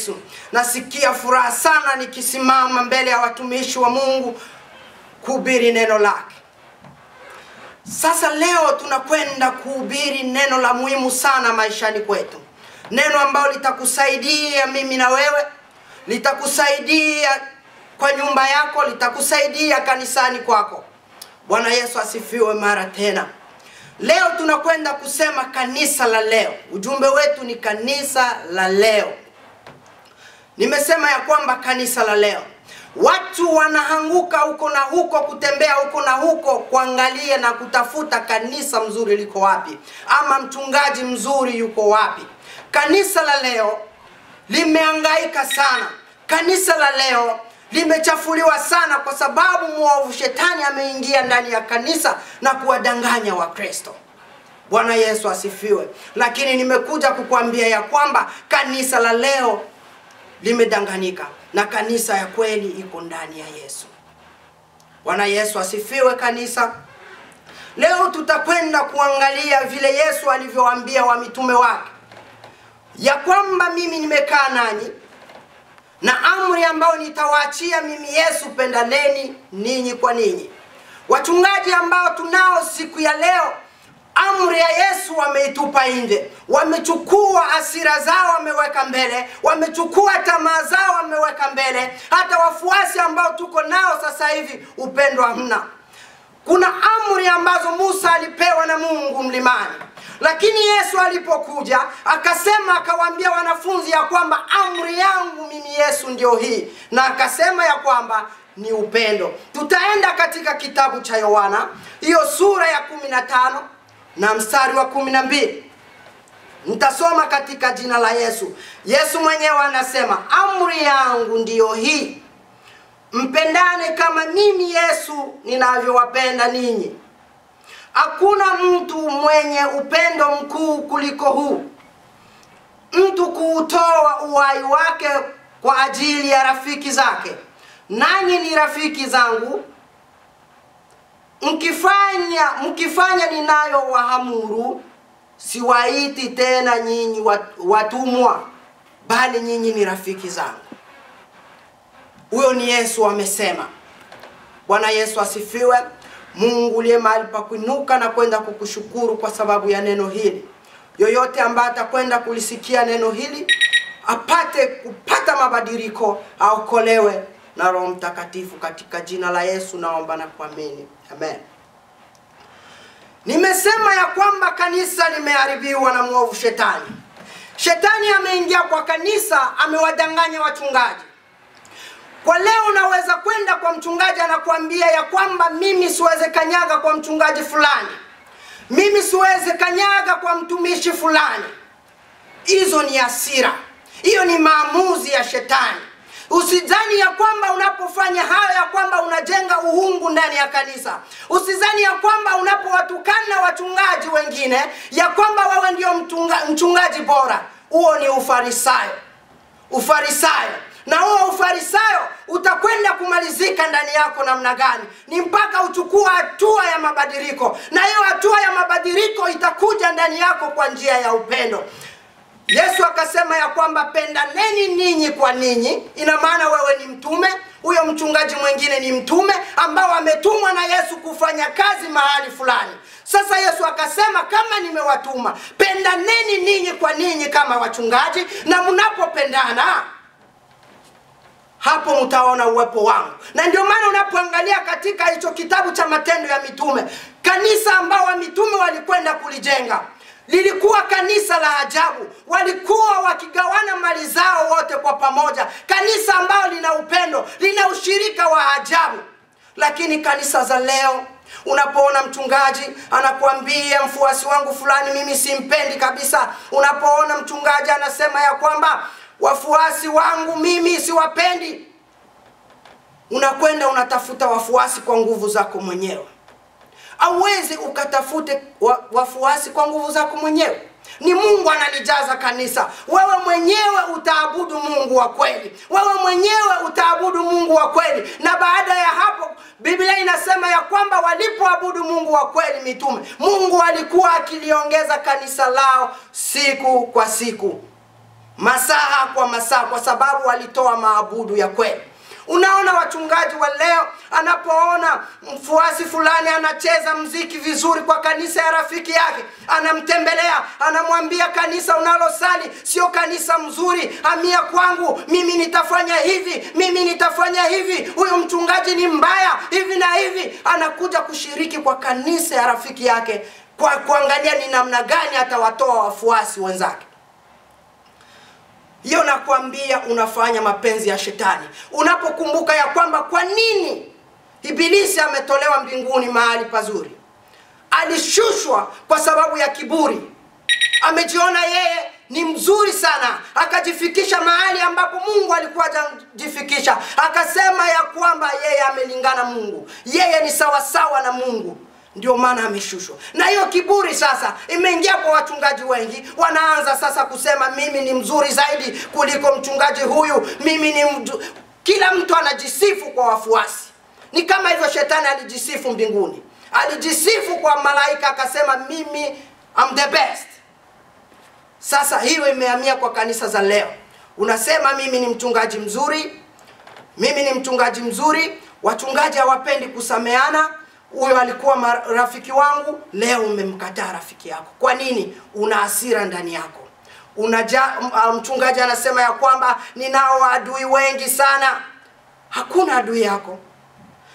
Yesu. Nasikia furaha sana nikisimama mbele ya watumishi wa Mungu kuhubiri neno lake. Sasa leo tunakwenda kuhubiri neno la muhimu sana maishani kwetu, neno ambalo litakusaidia mimi na wewe, litakusaidia kwa nyumba yako, litakusaidia kanisani kwako. Bwana Yesu asifiwe mara tena. Leo tunakwenda kusema kanisa la leo. Ujumbe wetu ni kanisa la leo. Nimesema ya kwamba kanisa la leo watu wanahanguka huko na huko kutembea huko na huko kuangalia na kutafuta kanisa mzuri liko wapi ama mchungaji mzuri yuko wapi. Kanisa la leo limeangaika sana. Kanisa la leo limechafuliwa sana kwa sababu mwovu shetani ameingia ndani ya kanisa na kuwadanganya Wakristo. Bwana Yesu asifiwe. Lakini nimekuja kukuambia ya kwamba kanisa la leo limedanganyika na kanisa ya kweli iko ndani ya Yesu. Bwana Yesu asifiwe kanisa. Leo tutakwenda kuangalia vile Yesu alivyowaambia wa mitume wake ya kwamba mimi nimekaa nanyi na amri ambayo nitawaachia mimi Yesu, pendaneni ninyi kwa ninyi. Wachungaji ambao tunao siku ya leo amri ya Yesu wameitupa nje, wamechukua asira zao wameweka mbele, wamechukua tamaa zao wameweka mbele. Hata wafuasi ambao tuko nao sasa hivi upendo hamna. Kuna amri ambazo Musa alipewa na Mungu mlimani, lakini Yesu alipokuja akasema, akawaambia wanafunzi ya kwamba amri yangu mimi Yesu ndio hii, na akasema ya kwamba ni upendo. Tutaenda katika kitabu cha Yohana hiyo sura ya kumi na tano na mstari wa kumi na mbili Nitasoma katika jina la Yesu. Yesu mwenyewe anasema, amri yangu ndiyo hii, mpendane kama mimi Yesu ninavyowapenda ninyi. Hakuna mtu mwenye upendo mkuu kuliko huu, mtu kuutoa uhai wake kwa ajili ya rafiki zake. Nanyi ni rafiki zangu mkifanya mkifanya wahamuru, siwaiti tena nyinyi watumwa bali nyinyi ni rafiki zangu huyo ni yesu amesema bwana yesu asifiwe mungu uliye mahali pa kuinuka na kwenda kukushukuru kwa sababu ya neno hili yoyote ambaye atakwenda kulisikia neno hili apate kupata mabadiliko aokolewe na Roho Mtakatifu. Katika jina la Yesu naomba na kuamini, amen. Nimesema ya kwamba kanisa limeharibiwa na mwovu shetani. Shetani ameingia kwa kanisa, amewadanganya wachungaji. Kwa leo unaweza kwenda kwa mchungaji, anakuambia ya kwamba mimi siweze kanyaga kwa mchungaji fulani, mimi siweze kanyaga kwa mtumishi fulani. Hizo ni hasira, hiyo ni maamuzi ya shetani. Usidhani ya kwamba unapofanya hayo ya kwamba unajenga uhungu ndani ya kanisa. Usidhani ya kwamba unapowatukana wachungaji wengine ya kwamba wewe ndio mchungaji bora. Huo ni ufarisayo, ufarisayo na huo ufarisayo utakwenda kumalizika ndani yako namna gani? Ni mpaka uchukua hatua ya mabadiliko, na hiyo hatua ya mabadiliko itakuja ndani yako kwa njia ya upendo. Yesu akasema ya kwamba pendaneni ninyi kwa ninyi. Ina maana wewe ni mtume, huyo mchungaji mwingine ni mtume ambao ametumwa na Yesu kufanya kazi mahali fulani. Sasa Yesu akasema kama nimewatuma, pendaneni ninyi kwa ninyi kama wachungaji, na mnapopendana hapo mtaona uwepo wangu. Na ndio maana unapoangalia katika hicho kitabu cha Matendo ya Mitume, kanisa ambao wa mitume walikwenda kulijenga lilikuwa kanisa la ajabu. Walikuwa wakigawana mali zao wote kwa pamoja, kanisa ambalo lina upendo, lina ushirika wa ajabu. Lakini kanisa za leo Unapoona mchungaji anakuambia mfuasi wangu fulani mimi simpendi kabisa. Unapoona mchungaji anasema ya kwamba wafuasi wangu mimi siwapendi, unakwenda unatafuta wafuasi kwa nguvu zako mwenyewe hauwezi ukatafute wa, wafuasi kwa nguvu zako mwenyewe ni Mungu analijaza kanisa. Wewe mwenyewe utaabudu Mungu wa kweli, wewe mwenyewe utaabudu Mungu wa kweli. Na baada ya hapo, Biblia inasema ya kwamba walipoabudu Mungu wa kweli mitume, Mungu alikuwa akiliongeza kanisa lao siku kwa siku, masaha kwa masaha kwa sababu walitoa maabudu ya kweli. Unaona wachungaji wa leo, anapoona mfuasi fulani anacheza mziki vizuri kwa kanisa ya rafiki yake, anamtembelea anamwambia, kanisa unalosali sio kanisa mzuri, hamia kwangu, mimi nitafanya hivi, mimi nitafanya hivi, huyu mchungaji ni mbaya hivi na hivi. Anakuja kushiriki kwa kanisa ya rafiki yake kwa kuangalia ni namna gani atawatoa wafuasi wenzake hiyo nakwambia, unafanya mapenzi ya shetani unapokumbuka ya kwamba kwa nini Ibilisi ametolewa mbinguni mahali pazuri. Alishushwa kwa sababu ya kiburi, amejiona yeye ni mzuri sana, akajifikisha mahali ambapo Mungu alikuwa hajajifikisha, akasema ya kwamba yeye amelingana Mungu, yeye ni sawasawa na Mungu ndio maana ameshushwa. Na hiyo kiburi sasa imeingia kwa wachungaji wengi, wanaanza sasa kusema mimi ni mzuri zaidi kuliko mchungaji huyu, mimi ni mdu... kila mtu anajisifu kwa wafuasi. Ni kama hivyo shetani alijisifu mbinguni, alijisifu kwa malaika akasema mimi I'm the best. Sasa hiyo imehamia kwa kanisa za leo, unasema mimi ni mchungaji mzuri, mimi ni mchungaji mzuri. Wachungaji hawapendi kusameana huyo alikuwa rafiki wangu, leo umemkataa rafiki yako. Kwa nini? Una hasira ndani yako. Unaja, ah, mchungaji anasema ya kwamba ninao adui wengi sana. Hakuna adui yako,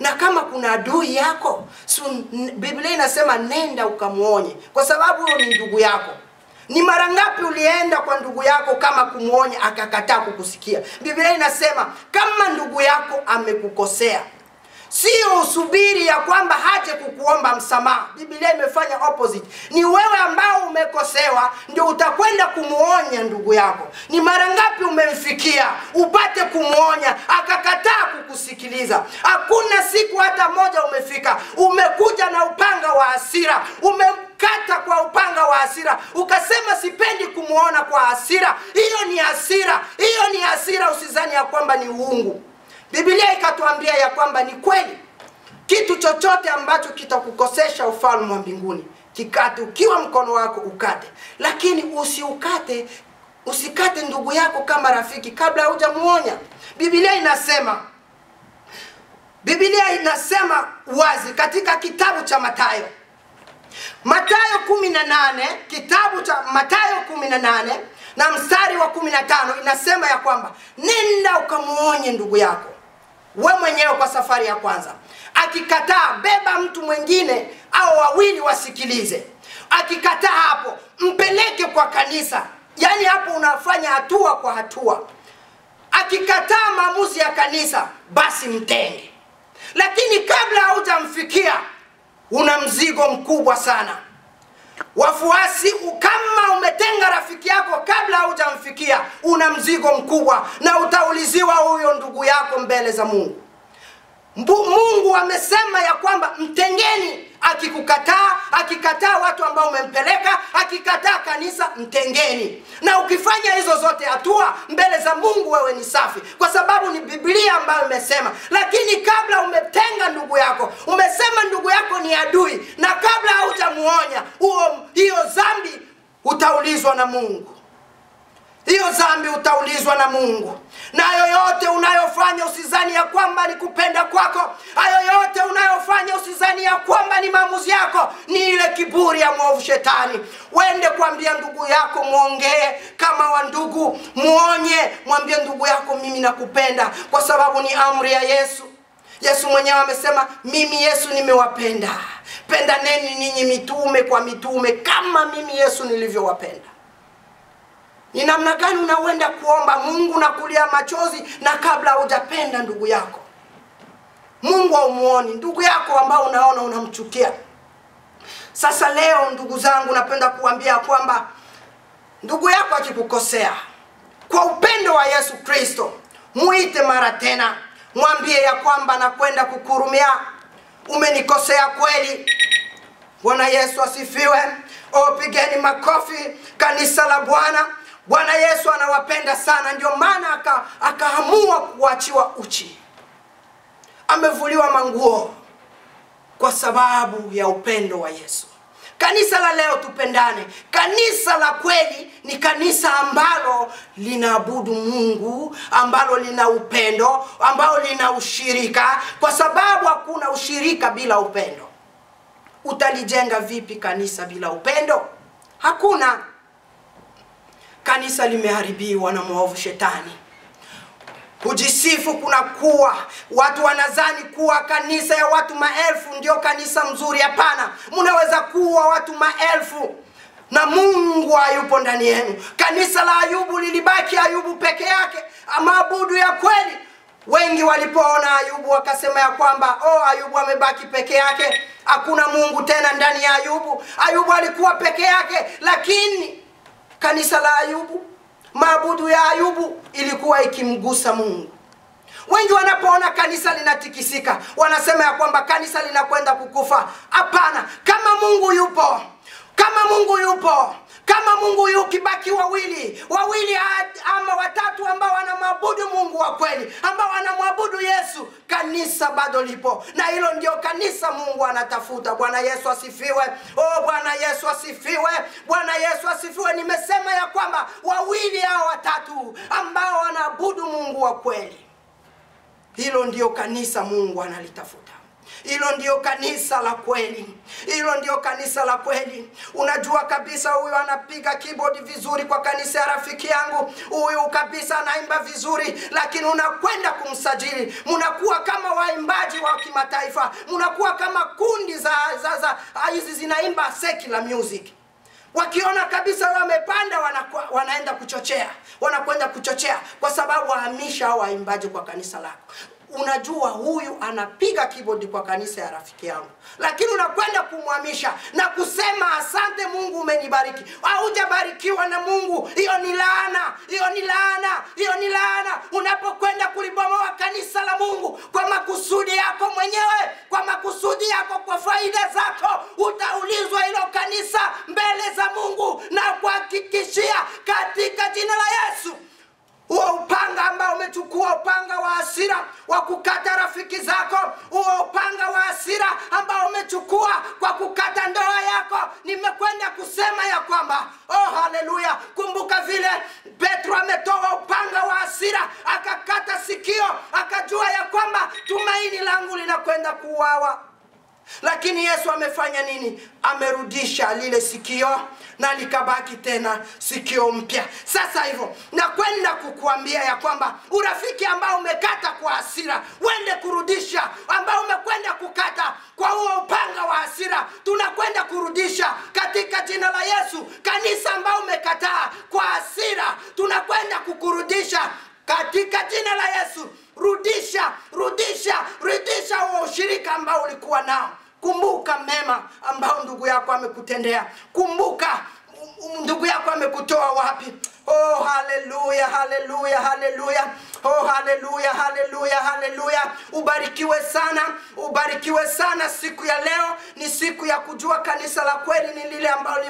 na kama kuna adui yako su, Biblia inasema nenda ukamwonye, kwa sababu huyo ni ndugu yako. Ni mara ngapi ulienda kwa ndugu yako kama kumwonya akakataa kukusikia? Biblia inasema kama ndugu yako amekukosea, sio usubiri ya kwamba haje kukuomba msamaha. Biblia imefanya opposite. Ni wewe ambao umekosewa ndio utakwenda kumuonya ndugu yako. Ni mara ngapi umemfikia upate kumuonya, akakataa kukusikiliza? Hakuna siku hata moja umefika, umekuja na upanga wa hasira, kata kwa upanga wa hasira, ukasema sipendi kumuona kwa hasira. Hiyo ni hasira, hiyo ni hasira. Usizani ya kwamba ni uungu. Biblia ikatuambia ya kwamba ni kweli kitu chochote ambacho kitakukosesha ufalme wa mbinguni kikate, ukiwa mkono wako ukate, lakini usiukate, usikate ndugu yako kama rafiki kabla hujamuonya. Biblia inasema Biblia inasema wazi katika kitabu cha Mathayo Mathayo 18 kitabu cha Mathayo 18 na mstari wa 15 inasema ya kwamba nenda ukamuonye ndugu yako we mwenyewe kwa safari ya kwanza. Akikataa, beba mtu mwingine au wawili wasikilize. Akikataa hapo, mpeleke kwa kanisa. Yaani hapo unafanya hatua kwa hatua. Akikataa maamuzi ya kanisa, basi mtenge, lakini kabla haujamfikia una mzigo mkubwa sana. Wafuasi, kama umetenga rafiki yako kabla haujamfikia, una mzigo mkubwa na utauliziwa huyo ndugu yako mbele za Mungu. Mbu, Mungu amesema ya kwamba mtengeni, akikukataa, akikataa watu ambao umempeleka, akikataa kanisa, mtengeni. Na ukifanya hizo zote hatua mbele za Mungu, wewe ni safi, kwa sababu ni Biblia ambayo imesema. Lakini kabla umetenga ndugu yako, umesema ndugu yako ni adui, na kabla haujamuonya huo utaulizwa na Mungu, hiyo dhambi utaulizwa na Mungu. Na yoyote unayofanya usizani ya kwamba ni kupenda kwako, ayoyote unayofanya usizani ya kwamba ni maamuzi yako, ni ile kiburi ya mwovu shetani. Wende kuambia ndugu yako, mwongee kama wa ndugu, muonye, mwambie ndugu yako, mimi nakupenda, kwa sababu ni amri ya Yesu Yesu mwenyewe amesema, mimi Yesu nimewapenda, pendaneni ninyi mitume kwa mitume kama mimi Yesu nilivyowapenda. Ni namna gani unawenda kuomba Mungu na kulia machozi na kabla hujapenda ndugu yako? Mungu haumuoni ndugu yako ambao unaona unamchukia. Sasa leo, ndugu zangu, napenda kuambia kwamba ndugu yako akikukosea, kwa upendo wa Yesu Kristo muite mara tena mwambie ya kwamba nakwenda kukurumia, umenikosea kweli. Bwana Yesu asifiwe. opigeni makofi kanisa la Bwana. Bwana Yesu anawapenda sana, ndio maana aka, akaamua kuachiwa uchi, amevuliwa manguo kwa sababu ya upendo wa Yesu. Kanisa la leo tupendane. Kanisa la kweli ni kanisa ambalo linaabudu Mungu, ambalo lina upendo, ambalo lina ushirika, kwa sababu hakuna ushirika bila upendo. Utalijenga vipi kanisa bila upendo? Hakuna. Kanisa limeharibiwa na mwovu shetani. Kujisifu kuna kuwa watu wanazani kuwa kanisa ya watu maelfu ndio kanisa mzuri. Hapana, mnaweza kuwa watu maelfu na Mungu hayupo ndani yenu. Kanisa la Ayubu lilibaki Ayubu peke yake, maabudu ya kweli. Wengi walipoona Ayubu wakasema ya kwamba oh, Ayubu amebaki peke yake, hakuna Mungu tena ndani ya Ayubu. Ayubu alikuwa peke yake, lakini kanisa la Ayubu Maabudu ya Ayubu ilikuwa ikimgusa Mungu. Wengi wanapoona kanisa linatikisika, wanasema ya kwamba kanisa linakwenda kukufa. Hapana, kama Mungu yupo, kama Mungu yupo, kama Mungu yukibaki wawili wawili ama watatu ambao wanamwabudu Mungu wa kweli, ambao wanamwabudu Yesu, kanisa bado lipo, na hilo ndio kanisa Mungu anatafuta. Bwana Yesu asifiwe! Oh, Bwana Yesu asifiwe! Bwana Yesu asifiwe. Nimesema ya kwamba wawili hao watatu ambao wanaabudu Mungu wa kweli, hilo ndio kanisa Mungu analitafuta. Hilo ndio kanisa la kweli, hilo ndio kanisa la kweli. Unajua kabisa huyu anapiga keyboard vizuri kwa kanisa ya rafiki yangu, huyu kabisa anaimba vizuri, lakini unakwenda kumsajili, mnakuwa kama waimbaji wa kimataifa, mnakuwa kama kundi za za hizi zinaimba secular music wakiona kabisa wamepanda wanaenda kuchochea wanakwenda kuchochea kwa sababu waamisha au waimbaji kwa kanisa lako unajua huyu anapiga kibodi kwa kanisa ya rafiki yangu lakini unakwenda kumwamisha na kusema asante mungu umenibariki haujabarikiwa na mungu hiyo ni laana hiyo ni laana hiyo ni laana unapokwenda kulibomoa kanisa la mungu kwa makusudi yako mwenyewe kwa makusudi yako kwa faida zako utaulizwa hilo kanisa mbele kukuhakikishia katika jina la Yesu huo upanga ambao umechukua upanga wa asira wa kukata rafiki zako, huo upanga wa asira ambao umechukua kwa kukata ndoa yako, nimekwenda kusema ya kwamba oh, haleluya! Kumbuka vile Petro ametoa upanga wa asira akakata sikio, akajua ya kwamba tumaini langu linakwenda kuuawa. Lakini Yesu amefanya nini? Amerudisha lile sikio na likabaki tena sikio mpya. Sasa hivyo nakwenda kukuambia ya kwamba urafiki ambao umekata kwa hasira, wende kurudisha, ambao umekwenda kukata kwa huo upanga wa hasira, tunakwenda kurudisha katika jina la Yesu. Kanisa ambao umekataa kwa hasira, tunakwenda kukurudisha katika jina la Yesu. Rudisha, rudisha, rudisha huo ushirika ambao ulikuwa nao. Kumbuka mema ambao ndugu yako amekutendea. Kumbuka ndugu yako amekutoa wapi. Oh, haleluya, haleluya, haleluya. Oh, haleluya, haleluya, haleluya. Ubarikiwe sana, ubarikiwe sana. Siku ya leo ni siku ya kujua kanisa la kweli ni lile ambalo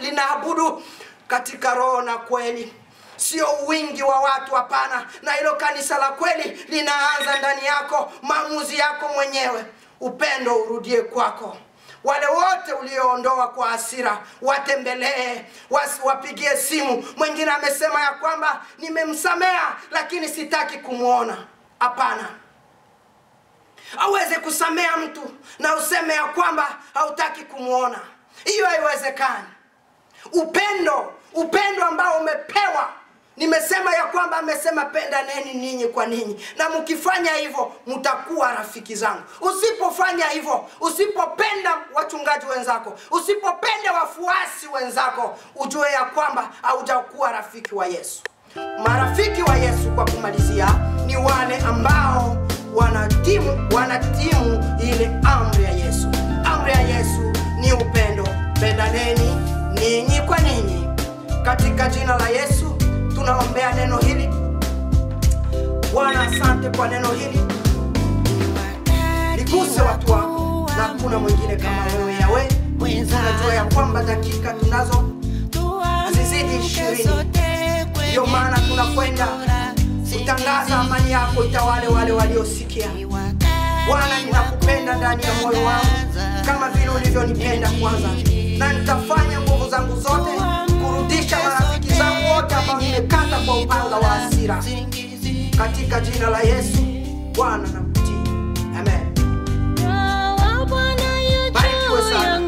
linaabudu katika roho na kweli sio wingi wa watu, hapana. Na hilo kanisa la kweli linaanza ndani yako, maamuzi yako mwenyewe. Upendo urudie kwako wale wote ulioondoa kwa hasira watembelee, wapigie simu. Mwingine amesema ya kwamba nimemsamea, lakini sitaki kumwona. Hapana, aweze kusamea mtu na useme ya kwamba hautaki kumwona, hiyo haiwezekani. Upendo, upendo ambao umepewa Nimesema ya kwamba amesema pendaneni ninyi kwa ninyi, na mkifanya hivyo mtakuwa rafiki zangu. Usipofanya hivyo, usipopenda wachungaji wenzako, usipopenda wafuasi wenzako, ujue ya kwamba haujakuwa rafiki wa Yesu. Marafiki wa Yesu kwa kumalizia ni wale ambao wanatimu, wanatimu ile amri ya Yesu. Amri ya Yesu ni upendo, pendaneni ninyi kwa ninyi, katika jina la Yesu tunaombea neno hili bwana asante kwa neno hili liguse watu wako na hakuna mwingine kama wewe yawe tunajua ya kwamba dakika tunazo hazizidi ishirini ndio maana tunakwenda kutangaza amani yako itawale wale waliosikia bwana ninakupenda ndani ya moyo wangu kama vile ulivyonipenda kwanza na nitafanya nguvu zangu zote kurudisha aliyekata kwa upanga wa hasira. Katika jina la Yesu, Bwana na mtii. Amen. Barikiwe sana,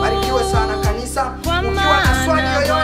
barikiwe sana kanisa. Ukiwa na swali yoyote